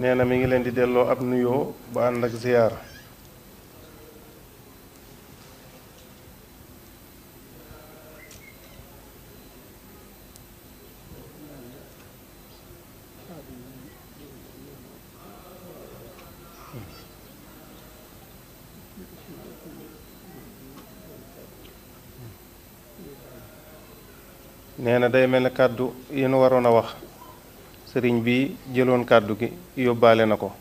nee mi ngi leen di delloo ab nuyoo ba ànd ak ziyaar nee na day mel ne kàddu yi nu waroon a wax sëriñ bi jëloon kàddu gi yóbbaale na ko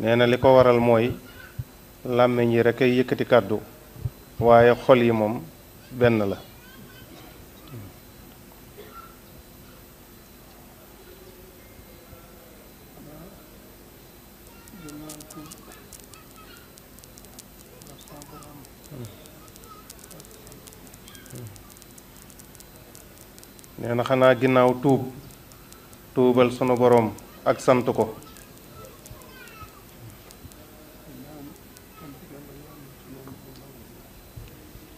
nee waral moy làmmiñ yi rekk ay yëkkati xol yi mom benn la nee na xanaa ginnaaw tuub tuubal sunu boroom ak sant ko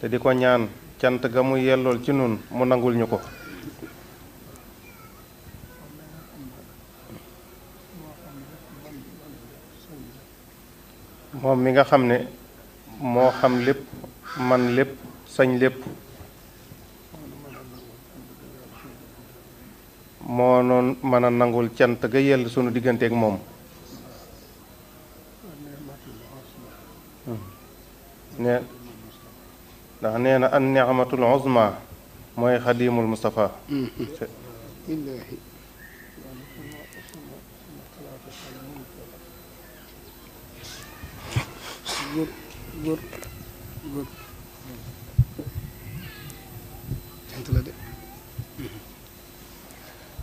di ko ñaan cyant ga mu yellol ci nun mu nangul ñuko mom mi nga xamne ne xam lepp man lepp sañ lepp mo non mana nangul cyant ga yell sunu ak mom نينا النعمة العظمى موي خديم المصطفى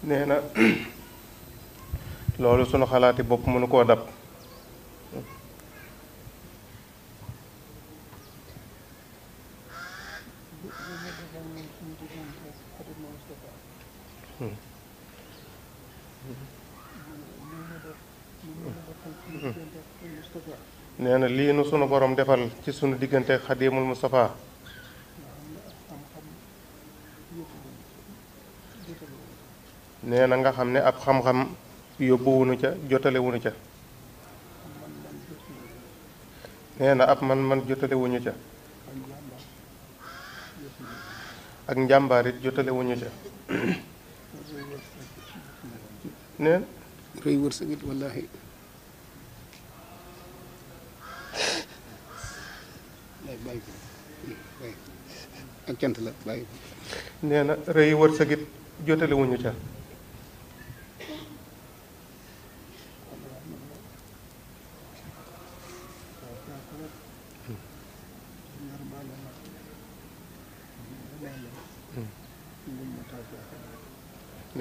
نينا لولو سونو خلاتي بوب منو كو داب Hmm. nee na lii nu sunu boroom defal ci sunu diggante xadimul Moustapha. nee na nga xam ne ab xam-xam yóbbuwunu ca jotalewunu ca. nee na ab man man jotalewuñu ca. ak njàmbaar it jotale wuñu ca neen rëy wërsëg it wallaahi ak cant la bàyyi nee na rëy wërsëg it jotale wuñu ca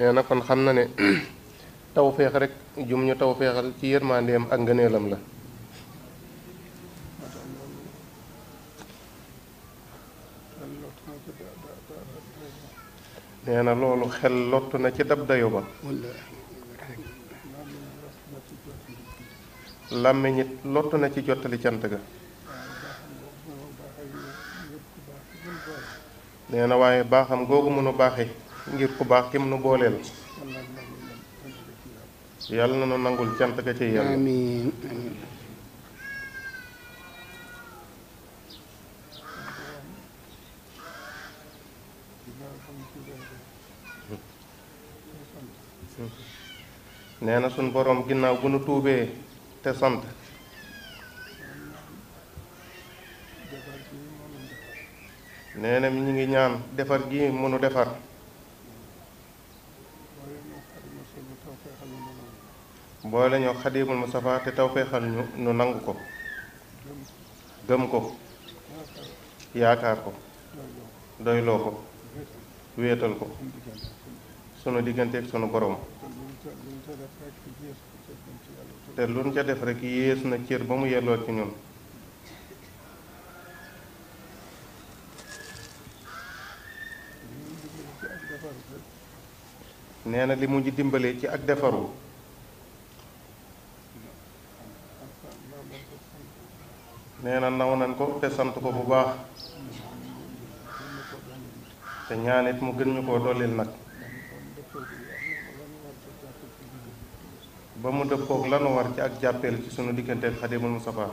nee na kon xam na ne tawféex rek jum ñu tawféexal ci yërmandeem ak ngëneelam la nee na loolu xel lottu na ci dab dayo ba làmmiñ lottu na ci jottali cant ga nee waaye baaxam googu mënu baaxe ngir ku baax kim nu booleel yàlla na nangul cant ka ci yalla amin nee na borom ginnaw bu nu te sant nee mi ñi ngi ñaan defar gi mënu defar boole ñoo xadimul Mustafa te tawféexal ñu nu nangu ko gëm ko yaakaar ko doyloo ko wéetal ko sunu diggante ak sunu borom te lu nu ca def rek yées na cër ba mu yelloo ci ñun nee na li mu ñu dimbalee ci ak defaru neena ndaw nañ ko te sant ko bu baax te it mu gën ñu koo dolil nag ba mu dëppoog lanu war ci ak jàppeel ci sunu digganteeg xadimul mustafa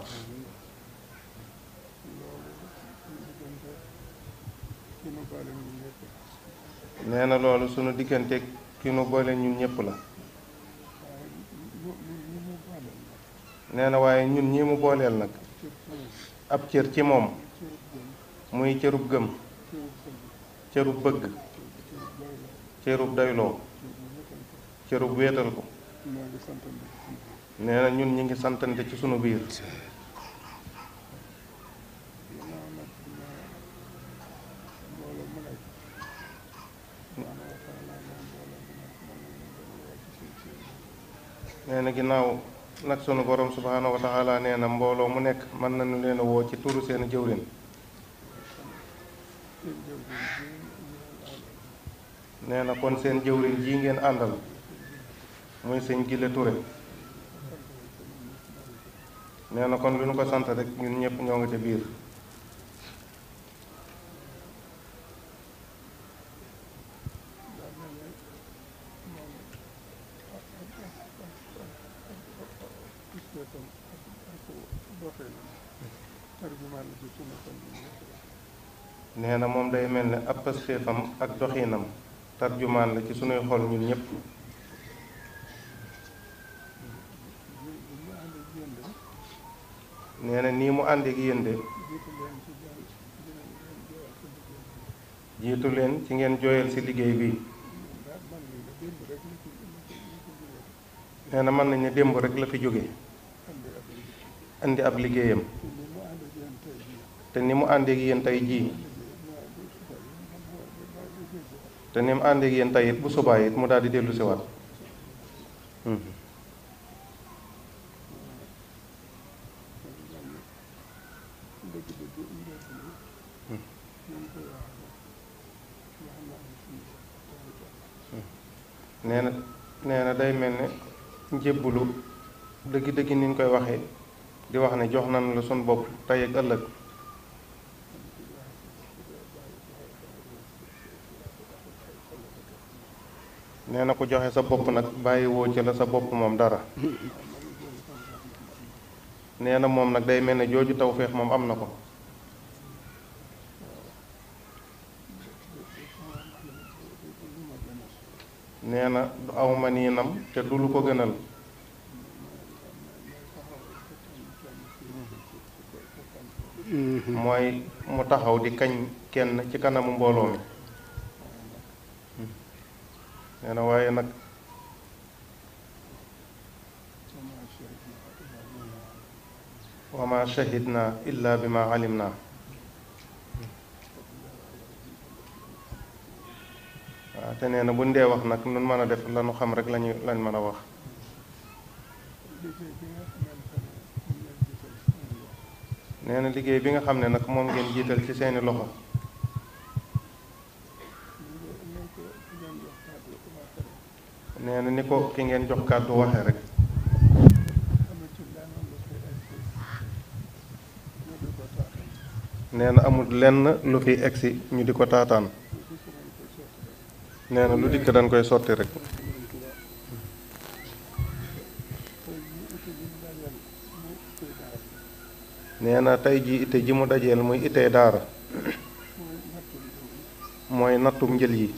nee na loolu sunu digganteeg ki nu boole ñun ñëpp la nee na waaye ñun ñi mu booleel nag ab cër ci moom muy cërub gëm cërub bëgg cërub dayloo cërub wéetal ko nee na ñun ñu ngi santante ci sunu biir nee na ginnaaw nag sunu borom subhaanahu wa nee na mbooloo mu nekk mën nañu leen a woo ci turu seen jëwrin nee na kon seen jëwrin ji ngeen àndal muy seen Gile Touré nee na kon lu ñu ko sant rek ñun ñëpp ñoo nga ca biir feeñu mom day mel ne xefam ak doxinam tarjuman la ci sunuy xol ñun ñep nee ni mu ande ak yende jitu len ci ngeen jooyal ci liggey bi nee man mën demb rek la fi joge andi ab liggéeyam te nimu ande àndeek yéen tey jii te ni mu àndeek yéen tey bu subaa it mu daal delu ci wat nee na day melni ne deug deug ni koy waxe di wax ne jox nañ la suñ bopp tey ak ëllëg nee na ko joxe sa bopp nag bàyyiwoo ci la sa bopp moom dara nee na moom nag day mel ne jooju tawféex moom am na ko nee na du aw ma niinam te du lu ko gënal Mm-hmm. mooy mu taxaw di kañ kenn ci kanamu mbooloo mi mm-hmm. nee na waaye nag wama shahidna illa bi ma alim naa waaw te nee na bu ndee wax nag nun mën a def lanu xam rek lañu lañ mën a wax nee na liggéey bi nga xam ne nag moom ngeen jiital ci seeni loxo nee na ni ko ki ngeen jox kàddu waxe rek nee na amul lenn lu fi egsi ñu di ko taataan nee na lu dikk dañ koy sotti rek nee na tey ji itte ji mu dajeel muy ittee daara mooy nattum njël yi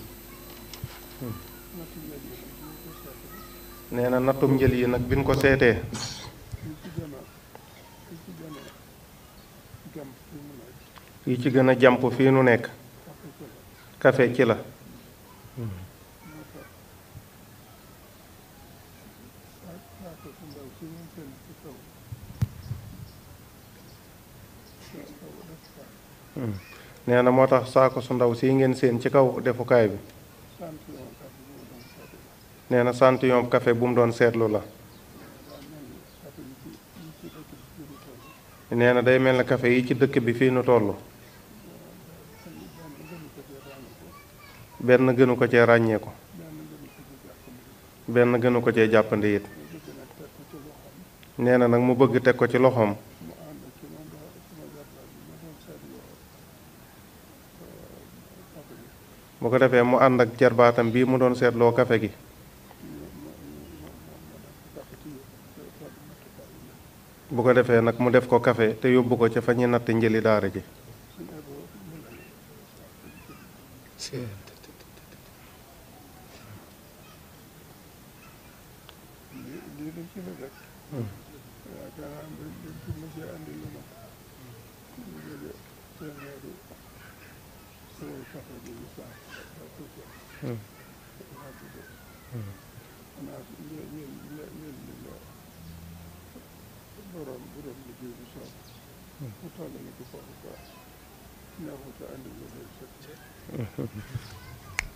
nee na nattum njël yi nag bi ñu ko seetee yi ci gën a jàmp fii nu nekk kafe ci la Hmm. nee na moo tax saako su ndaw sii ngeen séen ci kaw defukaay bi nee na santiyom café bu mu doon seetlu la nee na day mel ne kafe yi ci dëkk bi fii nu toll benn gënu ko cee ràññeeku benn gënu ko cee jàppande yit nee na nag mu bëgg teg ko ci loxoom bu ko defee mu ànd ak jarbaatam bii mu doon seetloo kafe gi bu ko defee nag mu def ko kafe te yóbbu ko ca fa natt njëli daara ji waaw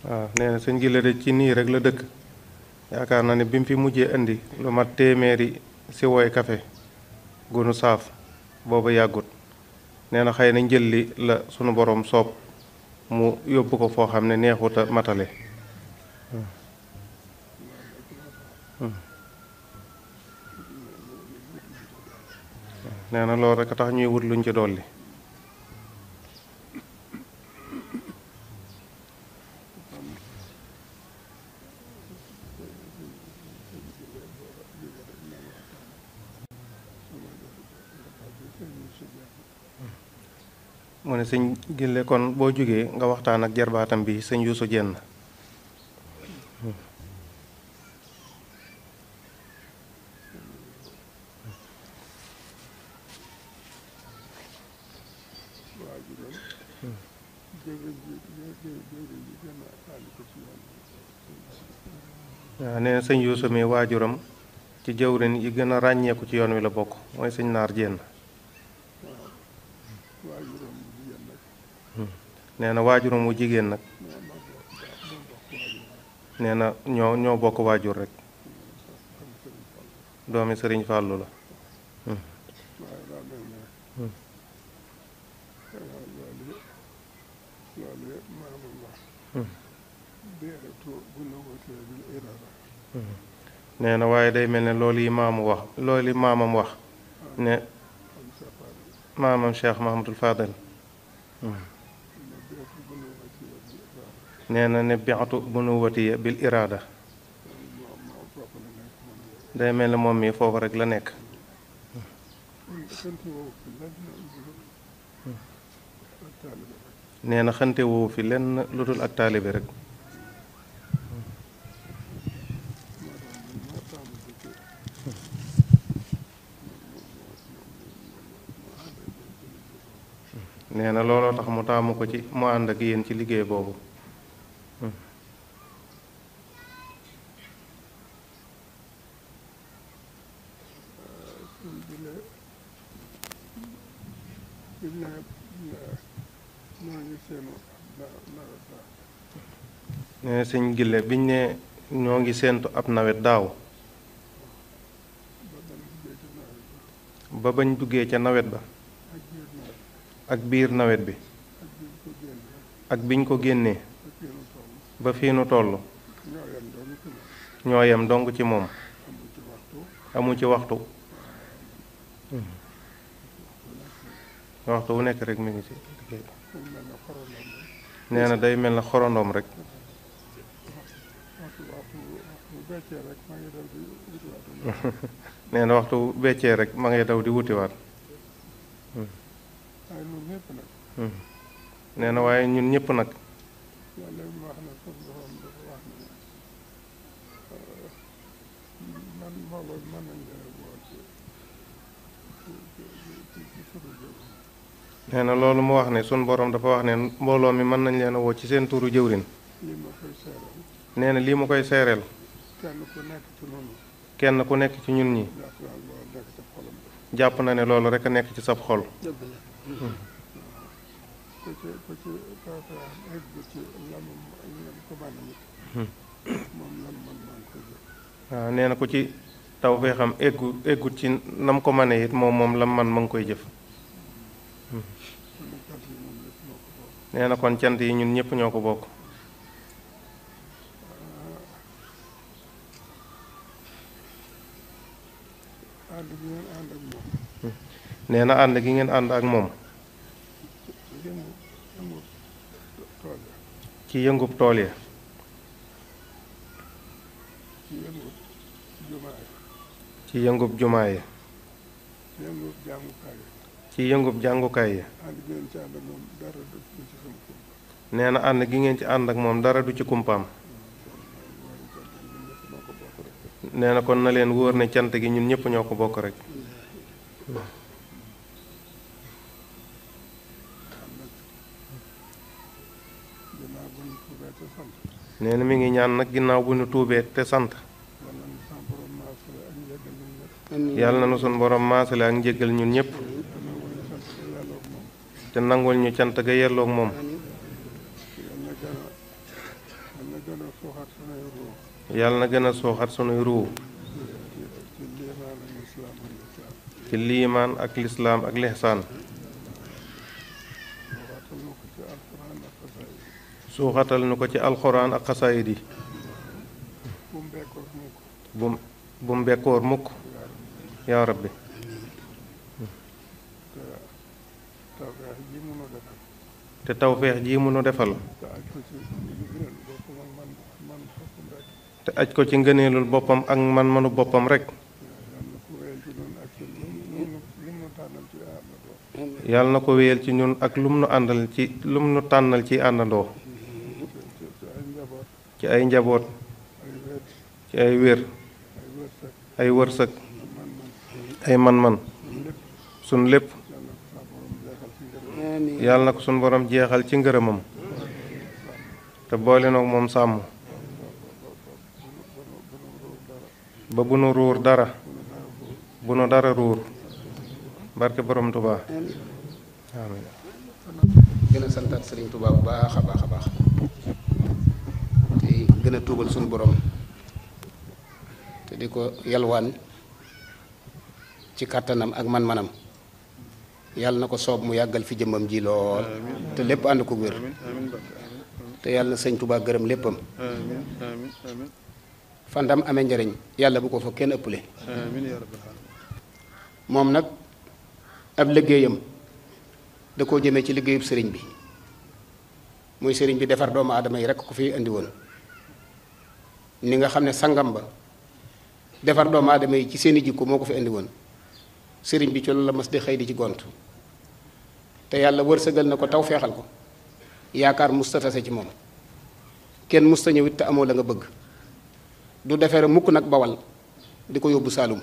ah, nee na sëñ gi la de ci nii rek la dëkk yaakaar na ni bi mu fi mujjee indi lu mat téeméeri si woy kafe gunu saaf booba yàggut nee na xëy na njël li la sunu boroom soob mu yóbbu ko foo xam ne neexuta matale nee na loolu rek a tax ñuy wut luñ ci dolli sen Gille kon bo jógee nga waxtaan ak jarbaatam bi sëñ yusu Jenn waaw nee na sëñ mi waajuram ci jëwrin yi gëna a ko ci yoon wi la bokk moy nar Jenn nee na waajuram wu jigéen nag nee na ñoo ñoo bokk waajur rek doomi sëriñ Fàllu la nee na waaye day mel ne loolu yi maamu wax loolu yi maamam wax ne maamam Cheikh Mahamadul Fadal نانا نبيعتو بنوتي بالإرادة دائما لمومي فوق رك لنك نانا خنتي وو في لن لطول أكتالي برك نانا لولو تخمطامو كتي ما عندك ينتي لغي بابو sëñ Gille biñ ne ñoo ngi séentu ab nawet daaw ba bañ duggee ca nawet ba ak biir nawet bi ak biñ ko génnee ba fii nu toll ñoo yem dong ci moom amu ci waxtu waxtu wu nekk rek mu ngi ci nee na day mel na xorondoom rek nee na waxtu beccee rek ma ngay daw di wutiwaat. Hmm. Hmm. nee na waaye ñun ñëpp nag. Uh, nee na loolu mu wax ne sunu borom dafa wax ne mbooloo mi mën nañ leen a woo ci seen tuuru jëwrin nee na lii mu koy seereel. kenn ku nekk ci ñun ñi. jàpp na ne loolu rek a nekk ci sab xol. nee na ko ci taw fee xam eggu eggut ci nam ko mane it moom moom la man ma ngi koy jëf hmm. nee na kon cant yi ñun ñëpp ñoo ko bokk nee and ànd gi ngeen and ak mom ki yengup tol ya ki yengup jumaa ya ci yëngub jàngukaay ya nee and gi ngeen ci and ak mom dara du ci kumpam nee na kon na leen wóor ne cant gi ñun ñëpp ñoo ko bokk rek nee na mi ngi ñaan nag ginnaaw bu nu tuubee te sant yàlla na nu suñ borom maasale ak njëggal ñun ñépp te nangul ñu cant ga yelloog moom Yal na gëna so sooxat sunu ru ci liimaan ak l'islam ak l'ihsan so xatal nuko ci alquran ak xasaayid yi bu bu mbekkoor rabbi te tawfiq ji mu defal te aj ko ci ngëneelul boppam ak man-manu boppam rek yàlla na ko wéyal ci ñun ak lum nu àndal ci lum nu tànnal ci àndandoo ci ay njaboot ci ay wér ay wërsëg ay man-man sun lépp yàlla na ko sun borom jeexal ci ngërëmam te boole moom sàmm ba bu nu ruur dara bu nu dara ruur barke borom Touba amiin gën a bu baax a baax a baax te gën a tuubal suñu borom te di ko yalwaan ci kàttanam ak man-manam yàlla na ko soob mu yàggal fi jëmmam ji lool te lépp ànd ko wér te yàlla na sëñ Touba gërëm léppam fa ndam amee njariñ yàlla bu ko fa kenn ëppale moom nag ab liggéeyam da koo jëmee ci liggéeyub sëriñ bi muy sëriñ bi defar doomu aadama yi rekk ku fi indi woon ni nga xam ne sangam ba defar doomu adama yi ci seeni jikko moo ko fi indi woon sëriñ bi ci la mas di xëy di ci gont te yàlla wërsëgal na ko taw feexal ko yaakaar musta tase ci moom kenn musta ñëwit te amoo la nga bëgg du defere mukk nag bawal di ko yóbbu Saalum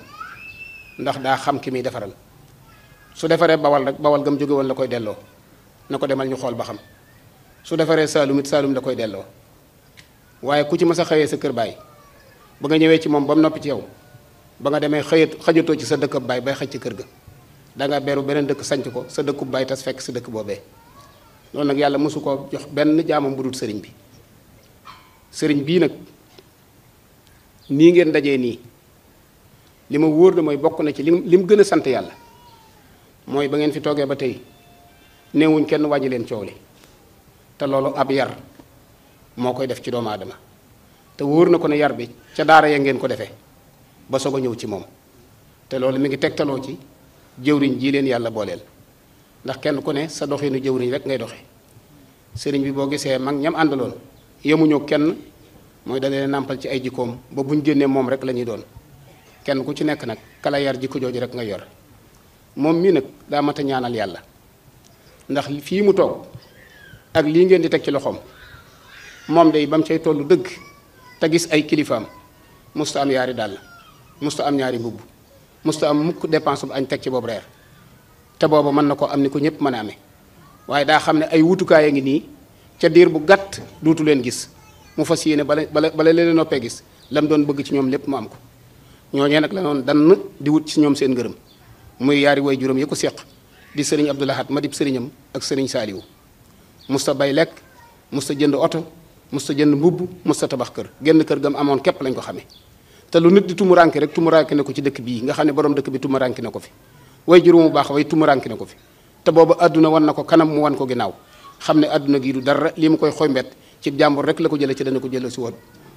ndax daa xam ki muy defaral su defaree bawal rek bawal gam jóge woon la koy delloo na ko demal ñu xool ba xam su defaree Saalum it Saalum la koy delloo waaye ku ci mës a xëyee sa kër baay ba nga ñëwee ci moom ba noppi ci yow ba nga demee xëyat xëjatoo ci sa dëkkab baay bay xëj ci kër ga danga beru beneen dëkk sanc ko sa dëkku baay tas fekk sa dëkk boobee loolu nag yàlla mosu koo jox benn jaamam bu dul sëriñ bi sëriñ bii nag Ningin ngeen dajee nii li ma wóor na mooy bokk na ci lim lim gën a sant yàlla mooy ba ngeen fi toogee ba tey neewuñ kenn wàññi leen coow li loolu ab yar moo koy def ci doomu aadama te wóor na ko ne yar bi ca daara ya ngeen ko defee ba soog a ñëw ci moom te loolu mi ngi tegtaloo ci jëwriñ ji leen yàlla booleel ndax kenn ku ne sa jëwriñ rek ngay sëriñ bi mag ñam kenn mooy da leen nàmpal ci ay jikkoom ba bu ñu génnee moom rek la ñuy doon kenn ku ci nekk nag kala yar jikko jooju rek nga yor moom mii nag daa mat a ñaanal yàlla ndax fii mu toog ak lii ngeen di teg ci loxoom moom day ba mu cay tollu dëgg te gis ay kilifaam musta am yaari dàll musta am ñaari mbubb musta am mukk dépense bu añ teg ci boobu reer te booba mën na ko am ni ko ñëpp mën a ame waaye daa xam ne ay wutukaay a ngi nii ca diir bu gàtt duutu leen gis mu fas yéene bala bala bala leen noppee gis lam doon bëgg ci ñoom lépp mu am ko ñooñee nag la dan dann di wut ci ñoom seen ngërëm muy yaari way juróom yi ko seq di sëriñ Abdou Lahad ma dib sëriñam ak sëriñ Saaliwu sa bay lekk mu sa jënd oto mu musta jënd mbubb musta tabax kër genn kër gam amoon képp lañ ko xamee te lu nit di tumuranke rek tumuranke ne ko ci dëkk bii nga xam ne borom dëkk bi tumuranke ne ko fi way juróom bu baax way tumuranke ne ko fi te booba àdduna wan na ko kanam mu wan ko ginnaaw xam ne àdduna gii du dara lii mu koy xoy ci jambour rek la ko jël ci dañ ko jëlee ci woon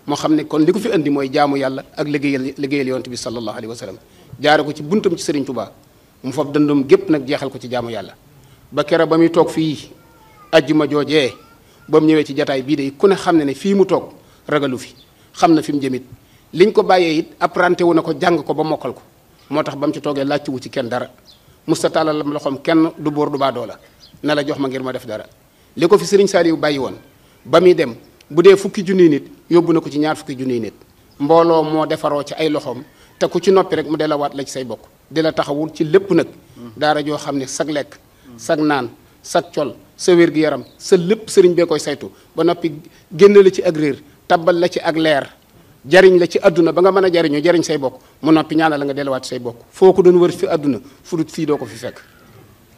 mo xamné kon li fi andi moy jaamu yàlla ak liggéeyal liggéeyal yonent bi sallallahu alayhi wasallam sallam jaare ko ci buntum ci Serigne Touba mu fop dandum gep nak jéxal ko ci jaamu yàlla ba kera bamuy tok fi aljuma ajjuma bam ñëwé ci jotaay bi de ku ne xamné ne fi mu tok ragalu fi xamna na fi mu jëmit liñ ko bayé it apprenti wu na ko jàng ko ba mokal ko motax bam ci togué lacc wu ci kèn dara musta taalal la loxoom kenn du bor du ba dola nala jox ma ngir ma def dara liko fi Serigne saliw bayiwone ba muy dem bu dee fukki junniy nit yóbbu na ko ci ñaar fukki junni nit mbooloo moo defaroo ci ay loxoom te ku ci noppi rek mu delawaat la ci say bokk di la taxawul ci lépp nag daara joo xam ne sag lekk sag naan sag col sa wér yaram sa lépp sëriñ bee koy saytu ba noppi génn la ci ak réer la ci ak leer jariñ la ci àdduna ba nga mën a jariñoo jariñ say bokk mu noppi ñaanal la nga delluwaat say bokk foo ko doon wër fi àdduna fu dut ko fi fekk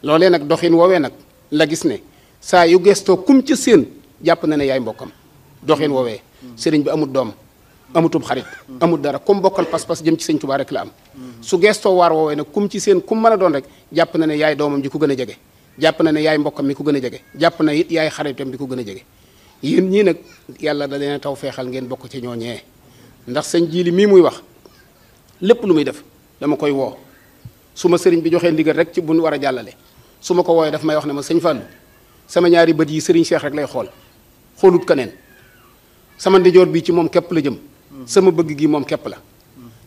loolee nag doxin woowee nag la gis ne saa yu gestoo kum ca séen jàpp na ne yaay mbokkam doxeen mm. woowee mm. sëriñ bi amut doom amutum xarit mm. amul dara comme bokkal pas-pas jëm ci sëñ Tuubaa rek la am su gestoo waar woowee nag comme ci seen kum mën a doon rek jàpp na ne yaay doomam ji ku gën a jege jàpp na ne yaay mbokkam mi ku gën jege jàpp na yaay xaritam bi ku gën a jege yéen ñii nag yàlla da leen taw feexal ngeen bokk ci ñooñee ndax sëñ jiili mii muy wax lépp lu muy def dama koy woo su ma sëriñ bi joxee ndigal rek ci bu nu war a jàllale su ma ko wooyee daf may wax ne ma sëñ Fallou sama ñaari bët yi sëriñ Cheikh rek lay xool xoolut keneen sama ndijoor bii ci moom képp la jëm sama bëgg gi moom képp la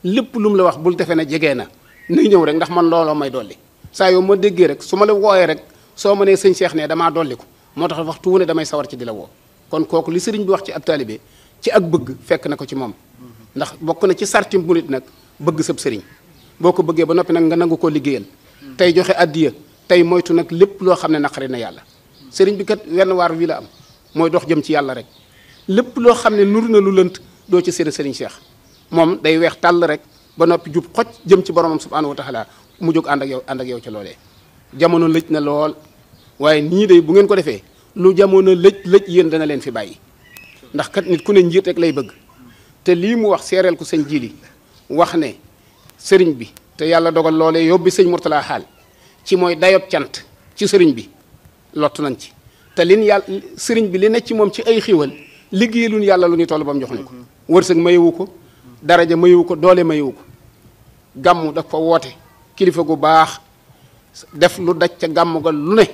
lépp lu mu la wax bul defee na jegee na nuy ñëw rek ndax man looloo may dolli saa yow ma déggee rek su ma la wooyee rek soo ma nee sëñ Cheikh ne damaa dolli ko moo tax waxtu wu ne damay sawar ci di la woo kon kooku li sëriñ bi wax ci ab taalibe ci ak bëgg fekk na ko ci moom ndax bokk na ci sarti murit nag bëgg sab sëriñ boo ko bëggee ba noppi nag nga nangu koo liggéeyal tey joxe addiya tey moytu nag lépp loo xam ne naqari na yàlla sëriñ bi kat wenn waar wii la am mooy dox jëm ci yàlla rek lépp loo xam ne nur na lu lënt doo ci seen sëriñ Cheikh moom day weex tàll rek ba noppi jub xoj jëm ci boromam subhaanahu wa taala mu jóg ànd ak yow ànd ak yow ca loolee. jamono lëj na lool waaye nii day bu ngeen ko defee lu jamono lëj lëj yéen dana leen fi bàyyi ndax kat nit ku ne njiit rek lay bëgg te lii mu wax seereel ko sëñ Jili wax ne sëriñ bi te yàlla dogal loolee yóbbi sëñ Mourtala xaal ci mooy dayob cant ci sëriñ bi lottu nañ ci. te lin yàlla sëriñ bi li ne ci moom ci ay xiwal liggéey luñ yàlla lu ñu toll ba mu jox ñu ko wërsëg mayewu ko daraja mayewu ko doole mayewu ko gàmm daf ko woote kilifa gu baax def lu daj ca gàmm ga lu ne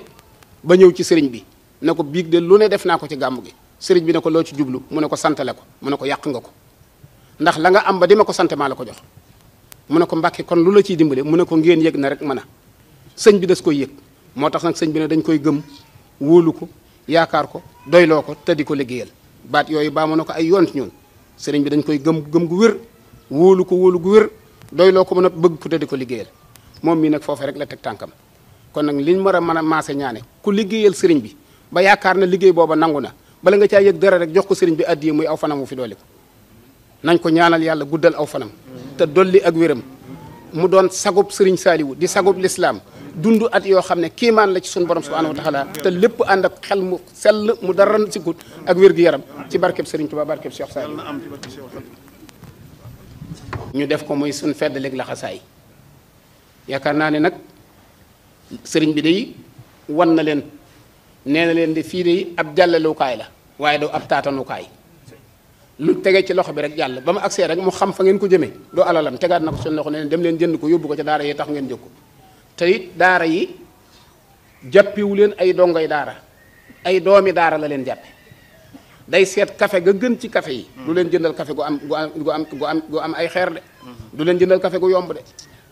ba ñëw ci sëriñ bi ne ko biig de lu ne def naa ko ci gàmm gi sëriñ bi na ko loo ci jublu mu ne ko santale ko mu ne ko yàq nga ko ndax la nga am ba di ma ko sante maa la ko jox mu ne ko mbàkke kon lu la ciy dimbale mu ne ko ngéen yëg na rek mën a sëñ bi das koy yëg moo tax nag sëñ bi ne dañ koy gëm wóolu ko yaakaar ko doyloo ko te di ko liggéeyal baat yooyu baa baamu na ko ay yoon ñun sëriñ bi dañ koy gëm gëm gu wér wóolu ko wóolu gu wér doyloo ko mën a bëgg ko te ko liggéeyal moom mii nag foofu rek la teg tànkam kon nag liñ war a mën a maase ñaane ku liggéeyal sëriñ bi ba yaakaar na liggéey booba nangu na bala nga caa yëg dara rek jox ko sëriñ bi addiye muy aw fanam wu fi dolli ko nañ ko ñaanal yàlla guddal aw fanam te dolli ak wéram mu doon sagub sëriñ saaliwu di sagub lislaam dundu at yoo xam ne kiimaan la ci sunu borom subhanahu wa taala te lépp ànd ak xel mu sell mu dara si gut ak wér-gu-yaram ci barkeb sëriñ Tuubaa barkeb Cheikh Saaliwu ñu def ko muy suñ fedd léeg laxasaay yaakaar naa ne nag sëriñ bi day wan na leen nee na leen di fii de ab jàllalukaay la waaye doo ab taatanukaay lu tege ci loxo bi rek jàll ba mu agsee rek mu xam fa ngeen ko jëmee du alalam tegaat na ko seen loxo ne dem leen jënd ko yóbbu ko ca daara yi tax ngeen jóg ko daara yi jàppewu leen ay dongo yi daara ay doomi daara la leen jàppe day seet kafe ga gën ci kafe yi leen jëndal café gu am gu am gu am ay xeer leen jëndal café gu yomb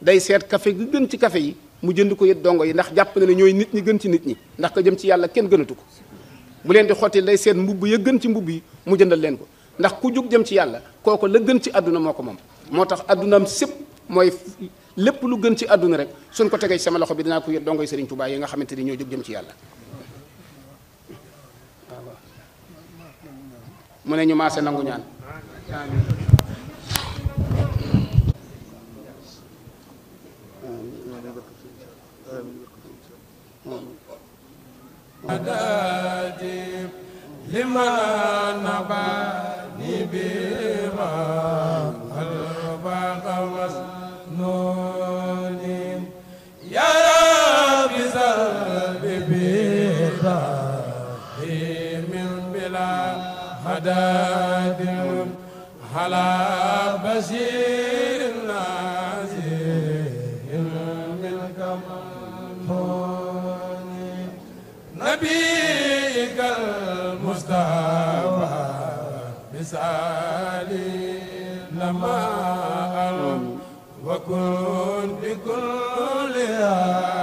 day seet café ga gën ci café yi mu jënd ko yët dongo yi ndax jàpp na ne ñooy nit ñi gën ci nit ñi ndax ko jëm ci yàlla kenn gënatu ko bu leen di xottil day seet mbubb ya gën ci mbubb yi mu jëndal leen ko ndax ku jóg jëm ci yàlla kooku la gën ci àdduna moo ko moom moo tax àddunaam sépp mooy lépp lu gën ci àdduna rek suñ ko tegee sama loxo bi dinaa ko yët dongoy Serigne Touba yi nga xamante ni ñoo jóg jëm ci yàlla mu ne nangu ñaan لمن نباني بما الباق مسنون يا رب سلب بخافي من بلا هداد على بشير النار نبيك المصطفى مثالي لما أرم وكن بكل